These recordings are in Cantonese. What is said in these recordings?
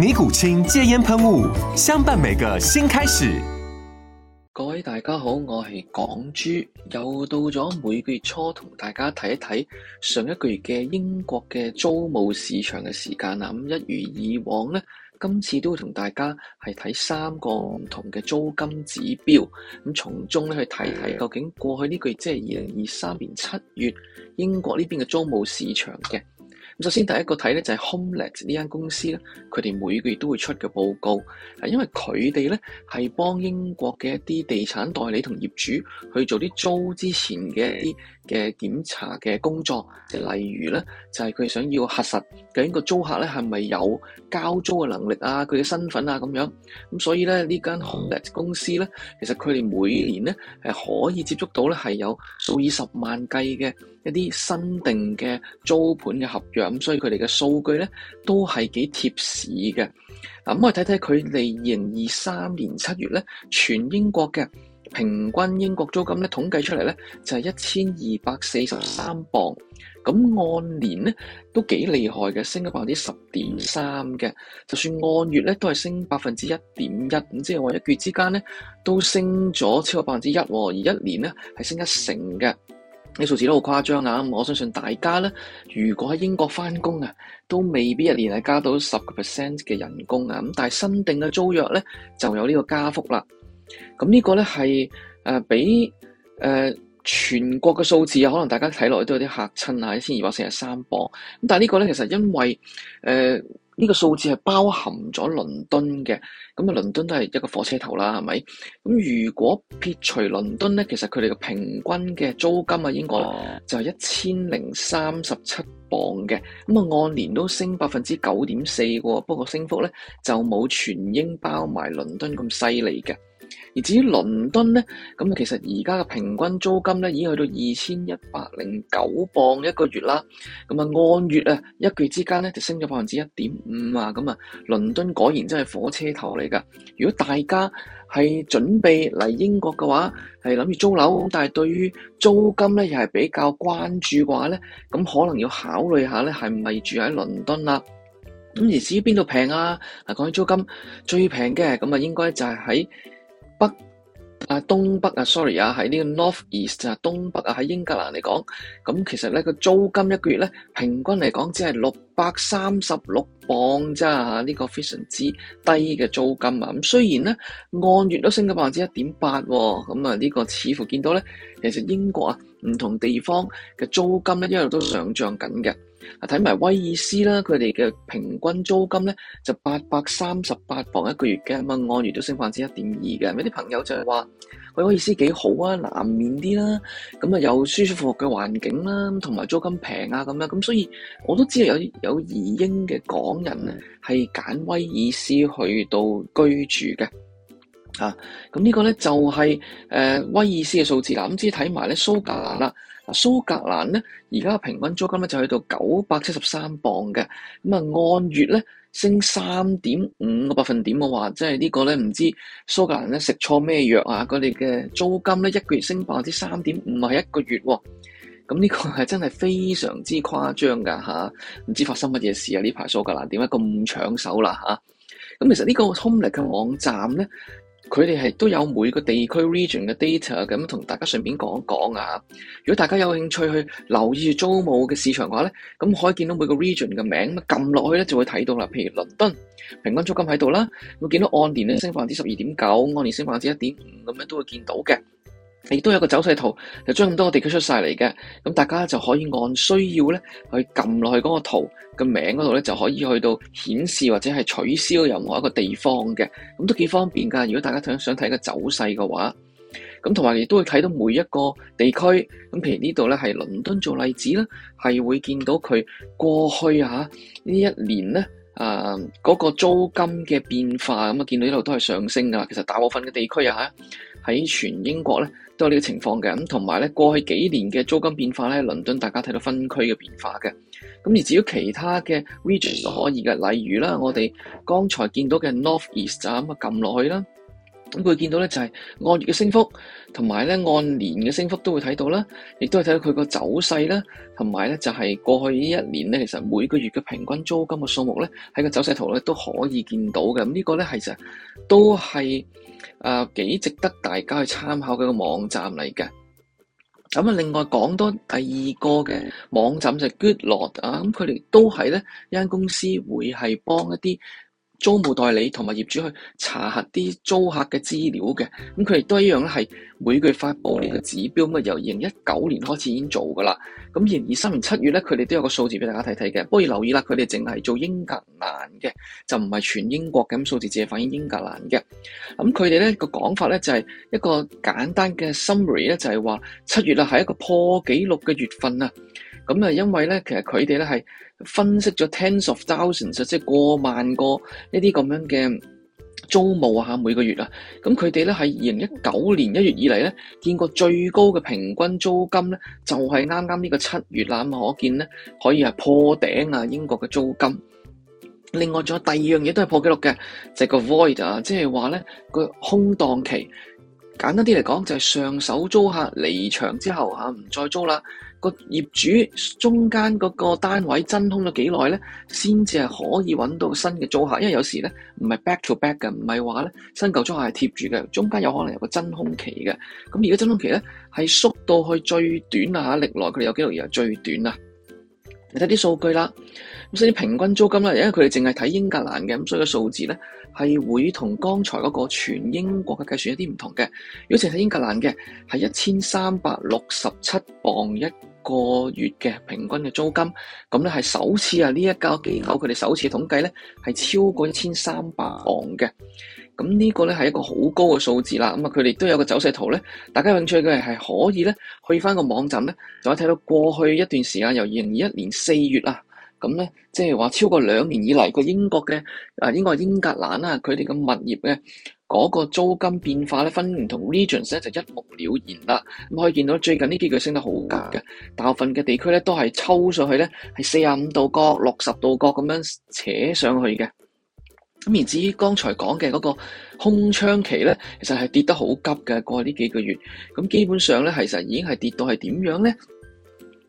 尼古清戒煙噴霧，相伴每個新開始。各位大家好，我係港豬，又到咗每個月初同大家睇一睇上一個月嘅英國嘅租務市場嘅時間啦。咁一如以往咧，今次都會同大家係睇三個唔同嘅租金指標，咁從中咧去睇睇究竟過去呢個月即係二零二三年七月英國呢邊嘅租務市場嘅。首先，第一個睇咧就係 Homelet 呢間公司咧，佢哋每個月都會出嘅報告，係因為佢哋咧係幫英國嘅一啲地產代理同業主去做啲租之前嘅一啲。嘅檢查嘅工作，例如咧就係佢哋想要核實究竟個租客咧係咪有交租嘅能力啊，佢嘅身份啊咁樣，咁所以咧呢間 HomeLet 公司咧，其實佢哋每年咧係可以接觸到咧係有數以十萬計嘅一啲新定嘅租盤嘅合約，咁所以佢哋嘅數據咧都係幾貼士嘅。嗱，咁我哋睇睇佢哋二零二三年七月咧全英國嘅，平均英國租金咧統計出嚟咧就係一千二百四十三磅，咁按年咧都幾厲害嘅，升咗百分之十點三嘅，就算按月咧都係升百分之一點一，咁即係話一月之間咧都升咗超過百分之一，而一年咧係升一成嘅，呢數字都好誇張啊！咁我相信大家咧，如果喺英國翻工啊，都未必一年係加到十個 percent 嘅人工啊，咁但係新定嘅租約咧就有呢個加幅啦。咁呢個咧係誒比誒、呃、全國嘅數字啊，可能大家睇落去都有啲吓親啊，一千二百四十三磅。咁但係呢個咧其實因為誒呢、呃這個數字係包含咗倫敦嘅，咁啊倫敦都係一個火車頭啦，係咪？咁如果撇除倫敦咧，其實佢哋嘅平均嘅租金啊，應該就係一千零三十七磅嘅。咁啊按年都升百分之九點四喎，不過升幅咧就冇全英包埋倫敦咁犀利嘅。而至於倫敦咧，咁其實而家嘅平均租金咧，已經去到二千一百零九磅一個月啦。咁啊，按月啊，一個月之間咧就升咗百分之一點五啊。咁啊，倫敦果然真係火車頭嚟噶。如果大家係準備嚟英國嘅話，係諗住租樓，但係對於租金咧又係比較關注嘅話咧，咁可能要考慮下咧係咪住喺倫敦啦。咁而至於邊度平啊？啊，講起租金最平嘅，咁啊應該就係喺。北啊，東北啊，sorry 啊，喺呢個 North East 啊，東北啊，喺英格蘭嚟講，咁其實咧個租金一個月咧，平均嚟講只係六百三十六鎊啫。呢個非常之低嘅租金啊，咁雖然咧按月都升咗百分之一點八，咁啊呢個似乎見到咧，其實英國啊唔同地方嘅租金咧一路都上漲緊嘅。睇埋威爾斯啦，佢哋嘅平均租金咧就八百三十八磅一個月嘅，咁按月都升百分之一點二嘅。有啲朋友就話，威爾斯幾好啊，南面啲啦，咁啊有舒舒服服嘅環境啦，同埋租金平啊，咁樣咁，所以我都知道有有移英嘅港人咧係揀威爾斯去到居住嘅。啊，咁呢個咧就係、是、誒、呃、威爾斯嘅數字啦，咁之後睇埋咧蘇格蘭啦。蘇格蘭咧，而家平均租金咧就去到九百七十三磅嘅，咁啊按月咧升三點五個百分點，話即係呢個咧唔知蘇格蘭咧食錯咩藥啊？佢哋嘅租金咧一個月升百分之三點五係一個月、啊，咁呢個係真係非常之誇張噶吓，唔、啊、知道發生乜嘢事啊？呢排蘇格蘭點解咁搶手啦、啊、吓？咁、啊啊、其實呢個 HomeLet 嘅網站咧。佢哋係都有每個地區 region 嘅 data 咁同大家順便講一講啊！如果大家有興趣去留意租務嘅市場嘅話咧，咁可以見到每個 region 嘅名咁撳落去咧就會睇到啦。譬如倫敦平均租金喺度啦，會見到按年咧升百分之十二點九，按年升百分之一點五咁樣都會見到嘅。亦都有個走勢圖，就將咁多個地區出晒嚟嘅，咁大家就可以按需要咧去撳落去嗰個圖嘅名嗰度咧，就可以去到顯示或者係取消任何一個地方嘅，咁都幾方便㗎。如果大家想想睇個走勢嘅話，咁同埋亦都會睇到每一個地區。咁譬如呢度咧係倫敦做例子啦，係會見到佢過去呀，呢一年咧，嗰個租金嘅變化。咁啊，見到呢度都係上升㗎。其實大部分嘅地區啊吓喺全英國咧都有呢個情況嘅，咁同埋咧過去幾年嘅租金變化咧，倫敦大家睇到分區嘅變化嘅。咁而至於其他嘅 regions 都可以嘅，例如啦，我哋剛才見到嘅 North East 就咁啊撳落去啦。咁佢見到咧就係、是、按月嘅升幅，同埋咧按年嘅升幅都會睇到啦，亦都係睇到佢個走勢啦，同埋咧就係、是、過去呢一年咧，其實每個月嘅平均租金嘅數目咧喺個走勢圖咧都可以見到嘅。咁呢個咧係就都係。啊，幾值得大家去參考嘅一個網站嚟嘅。咁啊，另外講多第二個嘅網站就係 Goodlord 啊，咁佢哋都係咧一間公司會係幫一啲。租務代理同埋業主去查核啲租客嘅資料嘅，咁佢哋都一樣咧係每個月發佈呢個指標，咁由二零一九年開始已經做㗎啦。咁二零二三年七月咧，佢哋都有個數字俾大家睇睇嘅。不如留意啦，佢哋淨係做英格蘭嘅，就唔係全英國嘅。咁數字只係反映英格蘭嘅。咁佢哋咧個講法咧就係、是、一個簡單嘅 summary 咧就係話七月啊係一個破紀錄嘅月份啊！咁啊，因為咧，其實佢哋咧係分析咗 tens of thousands，即係過萬個呢啲咁樣嘅租務啊，每個月啊，咁佢哋咧係二零一九年一月以嚟咧見過最高嘅平均租金咧，就係啱啱呢個七月啦。咁可見咧，可以係破頂啊，英國嘅租金。另外仲有第二樣嘢都係破紀錄嘅，就係個 void 啊，即係話咧個空檔期。簡單啲嚟講，就係上手租客離場之後嚇唔再租啦。個業主中間嗰個單位真空咗幾耐咧，先至係可以揾到新嘅租客。因為有時咧唔係 back to back 嘅，唔係話咧新舊租客係貼住嘅，中間有可能有個真空期嘅。咁而家真空期咧係縮到去最短啊！嚇歷來佢哋有記錄以來最短啊！你睇啲數據啦，咁所以平均租金啦，因為佢哋淨係睇英格蘭嘅，咁所以個數字咧係會同剛才嗰個全英國嘅計算有啲唔同嘅。如果淨係英格蘭嘅係一千三百六十七磅一個月嘅平均嘅租金，咁咧係首次啊！呢一家機構佢哋首次統計咧，係超過一千三百磅嘅。咁呢個咧係一個好高嘅數字啦。咁啊，佢哋都有一個走勢圖咧，大家有興趣嘅係可以咧去翻個網站咧，就可以睇到過去一段時間，由二零二一年四月啊，咁咧即係話超過兩年以嚟個英國嘅啊，應該係英格蘭啦，佢哋嘅物業嘅。嗰個租金變化咧，分唔同 regions 咧就一目了然啦。咁可以見到最近呢幾句升得好急嘅，大部分嘅地區咧都係抽上去咧，係四十五度角、六十度角咁樣扯上去嘅。咁而至於剛才講嘅嗰個空窗期咧，其實係跌得好急嘅。過去呢幾個月，咁基本上咧其實已經係跌到係點樣咧？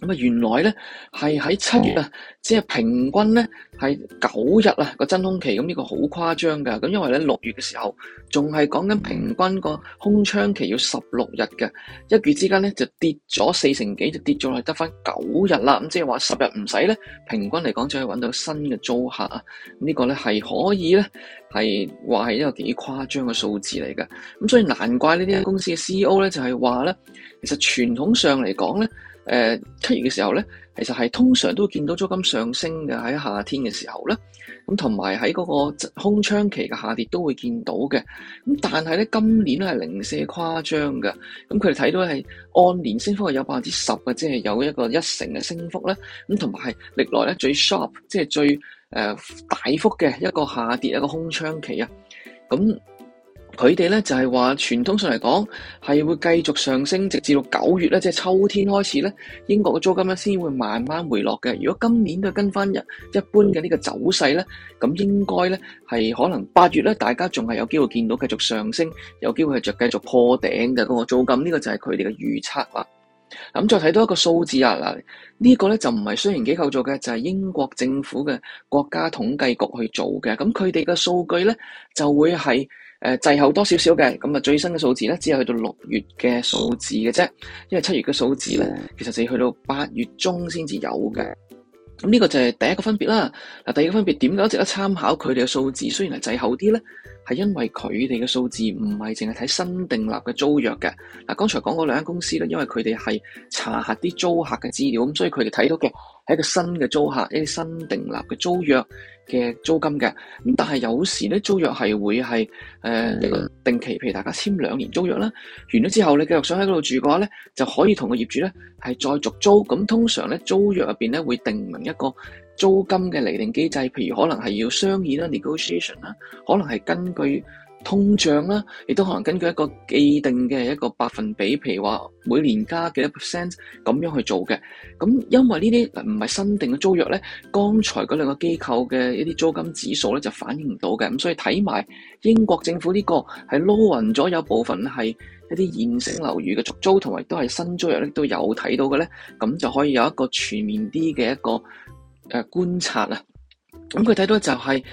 咁啊，原來咧係喺七月啊，即係平均咧係九日啊個真空期，咁、這、呢個好誇張噶。咁因為咧六月嘅時候仲係講緊平均個空窗期要十六日嘅，一月之間咧就跌咗四成幾，就跌咗落去得翻九日啦。咁即係話十日唔使咧，平均嚟講就可以揾到新嘅租客啊。呢個咧係可以咧。係話係一個幾誇張嘅數字嚟嘅，咁所以難怪呢啲公司嘅 CEO 咧就係話咧，其實傳統上嚟講咧，誒、呃、七月嘅時候咧，其實係通常都會見到租金上升嘅，喺夏天嘅時候咧，咁同埋喺嗰個空窗期嘅下跌都會見到嘅，咁但係咧今年咧係零舍誇張嘅，咁佢哋睇到係按年升幅係有百分之十嘅，即係有一個一成嘅升幅咧，咁同埋歷來咧最 sharp 即係最。誒、呃，大幅嘅一個下跌一個空窗期啊，咁佢哋咧就係話，傳統上嚟講係會繼續上升，直至到九月咧，即係秋天開始咧，英國嘅租金咧先會慢慢回落嘅。如果今年佢跟翻日一,一般嘅呢個走勢咧，咁應該咧係可能八月咧，大家仲係有機會見到繼續上升，有機會係着繼續破頂嘅。那個租金呢個就係佢哋嘅預測啦。咁再睇到一個數字啊，嗱、這、呢個咧就唔係私營機構做嘅，就係、是、英國政府嘅國家統計局去做嘅。咁佢哋嘅數據咧就會係誒、呃、滯後多少少嘅。咁啊最新嘅數字咧，只係去到六月嘅數字嘅啫，因為七月嘅數字咧，其實係去到八月中先至有嘅。咁呢個就係第一個分別啦。嗱，第二個分別點解值得參考佢哋嘅數字？雖然係滯後啲呢，係因為佢哋嘅數字唔係淨係睇新訂立嘅租約嘅。嗱，剛才講嗰兩間公司咧，因為佢哋係查下啲租客嘅資料，咁所以佢哋睇到嘅係一個新嘅租客，一啲新訂立嘅租約。嘅租金嘅，咁但係有時咧租約係會係、呃嗯、定期，譬如大家簽兩年租約啦，完咗之後你繼續想喺嗰度住嘅話咧，就可以同個業主咧係再續租。咁通常咧租約入邊咧會定明一個租金嘅釐定機制，譬如可能係要商議啦 （negotiation） 啦，negotiation，可能係根據，通脹啦，亦都可能根據一個既定嘅一個百分比，譬如話每年加幾多 percent 咁樣去做嘅。咁因為呢啲唔係新定嘅租約咧，剛才嗰兩個機構嘅一啲租金指數咧就反映唔到嘅。咁所以睇埋英國政府呢、這個係撈勻咗，有部分係一啲現成樓宇嘅續租，同埋都係新租約咧都有睇到嘅咧。咁就可以有一個全面啲嘅一個誒、呃、觀察啦，咁佢睇到就係、是。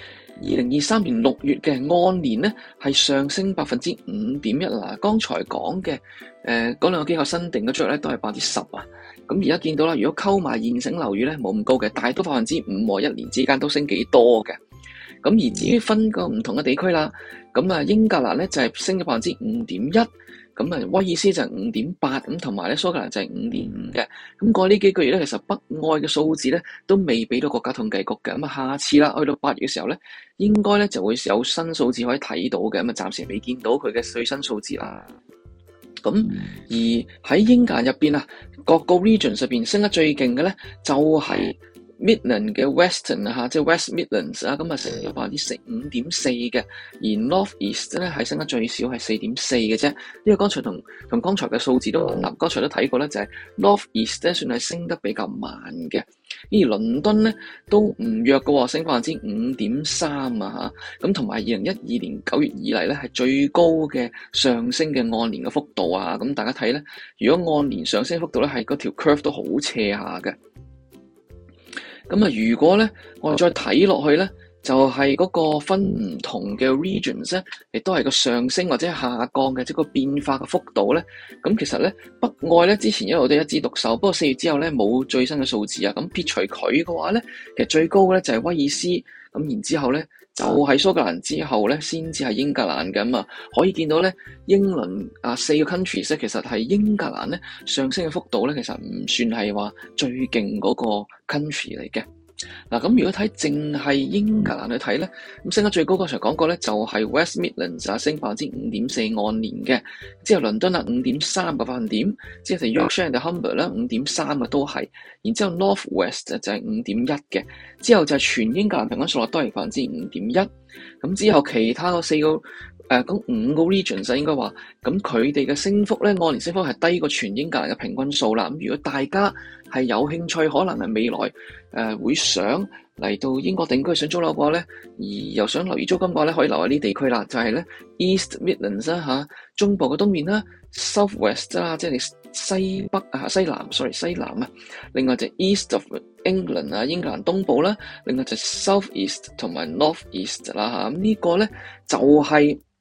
二零二三年六月嘅按年咧，係上升百分之五點一啦。剛才講嘅誒嗰兩個機構新定嘅出入咧，都係百分之十啊。咁而家見到啦，如果溝埋現成樓宇咧，冇咁高嘅，大多百分之五和一年之間都升幾多嘅。咁、嗯、而至於分個唔同嘅地區啦，咁、嗯、啊英格蘭咧就係、是、升咗百分之五點一。咁啊，威爾斯就係五點八，咁同埋咧蘇格蘭就係五點五嘅。咁過呢幾個月咧，其實北愛嘅數字咧都未俾到國家統計局嘅。咁啊，下次啦，去到八月嘅時候咧，應該咧就會有新數字可以睇到嘅。咁啊，暫時未見到佢嘅最新數字啦。咁而喺英格蘭入邊啊，各個 region 入面升得最勁嘅咧就係、是。Midland 嘅 Western 即係 West Midlands 啊，咁啊升咗百分之四五點四嘅，而 North East 咧係升得最少係四點四嘅啫。因為剛才同同剛才嘅數字都嗱剛才都睇過咧，就係、是、North East 咧算係升得比較慢嘅。而倫敦咧都唔弱嘅，升百分之五點三啊嚇，咁同埋二零一二年九月以嚟咧係最高嘅上升嘅按年嘅幅度啊，咁、啊、大家睇咧，如果按年上升幅度咧係嗰條 curve 都好斜下嘅。咁啊，如果咧我再睇落去咧，就係嗰個分唔同嘅 regions 咧，亦都係個上升或者下降嘅，即個變化嘅幅度咧。咁其實咧，北愛咧之前一路都一枝獨秀，不過四月之後咧冇最新嘅數字啊。咁撇除佢嘅話咧，其實最高嘅咧就係威爾斯，咁然之後咧。就喺蘇格蘭之後咧，先至係英格蘭嘅嘛。可以見到呢，英倫啊四個 country 咧，其實係英格蘭呢上升嘅幅度呢，其實唔算係話最勁嗰個 country 嚟嘅。嗱，咁、啊、如果睇淨係英格蘭去睇咧，咁升得最高剛才講過咧，就係 West Midlands 啊，升百分之五點四按年嘅，之後倫敦啦五點三個百分點，之後 Yorkshire and Humber 咧五點三嘅都係，然之後 North West 就係五點一嘅，之後就係全英格蘭平均數落都係百分之五點一，咁之後其他嗰四個。誒，咁五個 region 就應該話，咁佢哋嘅升幅咧，按年升幅係低過全英格蘭嘅平均數啦。咁如果大家係有興趣，可能係未來誒、呃、會想嚟到英國定居、想租樓嘅話咧，而又想留意租金嘅話咧，可以留喺呢地區啦。就係、是、咧 East Midlands 啦、啊，中部嘅東面啦，South West 啦、啊，即係西北啊西南，sorry 西南啊。另外就 East of England 啊，英格蘭東部啦，另外就 South East 同埋 North East 啦、啊，嚇、這、咁、個、呢個咧就係、是。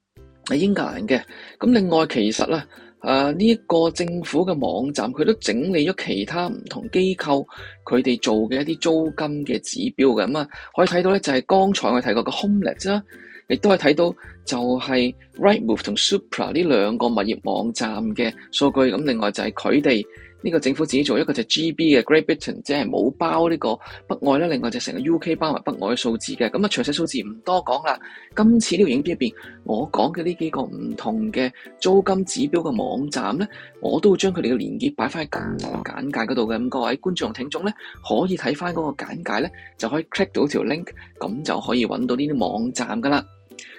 係英格蘭嘅，咁另外其實咧，誒，呢一個政府嘅網站佢都整理咗其他唔同機構佢哋做嘅一啲租金嘅指標嘅，咁啊可以睇到咧就係、是，剛才我提過嘅 HomeLet 啦，亦都係睇到就係 Rightmove 同 Supra 呢兩個物業網站嘅數據，咁另外就係佢哋。呢個政府自己做，一個就 G B 嘅 Great Britain，即係冇包呢個北愛啦。另外就成個 U K 包埋北愛嘅數字嘅。咁啊，詳細數字唔多講啦。今次呢個影片入邊，我講嘅呢幾個唔同嘅租金指標嘅網站咧，我都會將佢哋嘅連結擺翻喺跟簡介嗰度嘅。咁各位觀眾聽眾咧，可以睇翻嗰個簡介咧，就可以 click 到條 link，咁就可以揾到呢啲網站噶啦。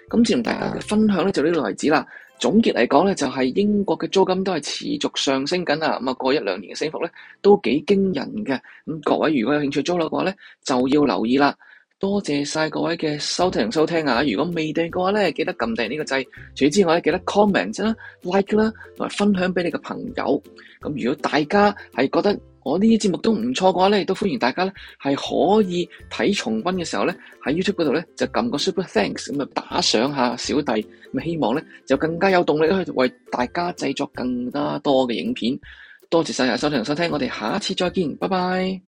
咁接同大家嘅分享咧，就呢度為止啦。總結嚟講咧，就係、是、英國嘅租金都係持續上升緊啊！咁啊，過一兩年嘅升幅咧都幾驚人嘅。咁各位如果有興趣租樓嘅話咧，就要留意啦。多謝晒各位嘅收聽收聽啊！如果未訂嘅話咧，記得撳訂呢個掣。除此之外，記得 comment 啦、like 啦，同埋分享俾你嘅朋友。咁如果大家係覺得，我呢啲節目都唔錯嘅話咧，都歡迎大家咧係可以睇重溫嘅時候咧喺 YouTube 嗰度咧就撳個 Super Thanks 咁啊打賞下小弟，咁希望咧就更加有動力去為大家製作更加多嘅影片。多謝晒，啊！收聽同收聽，我哋下一次再見，拜拜。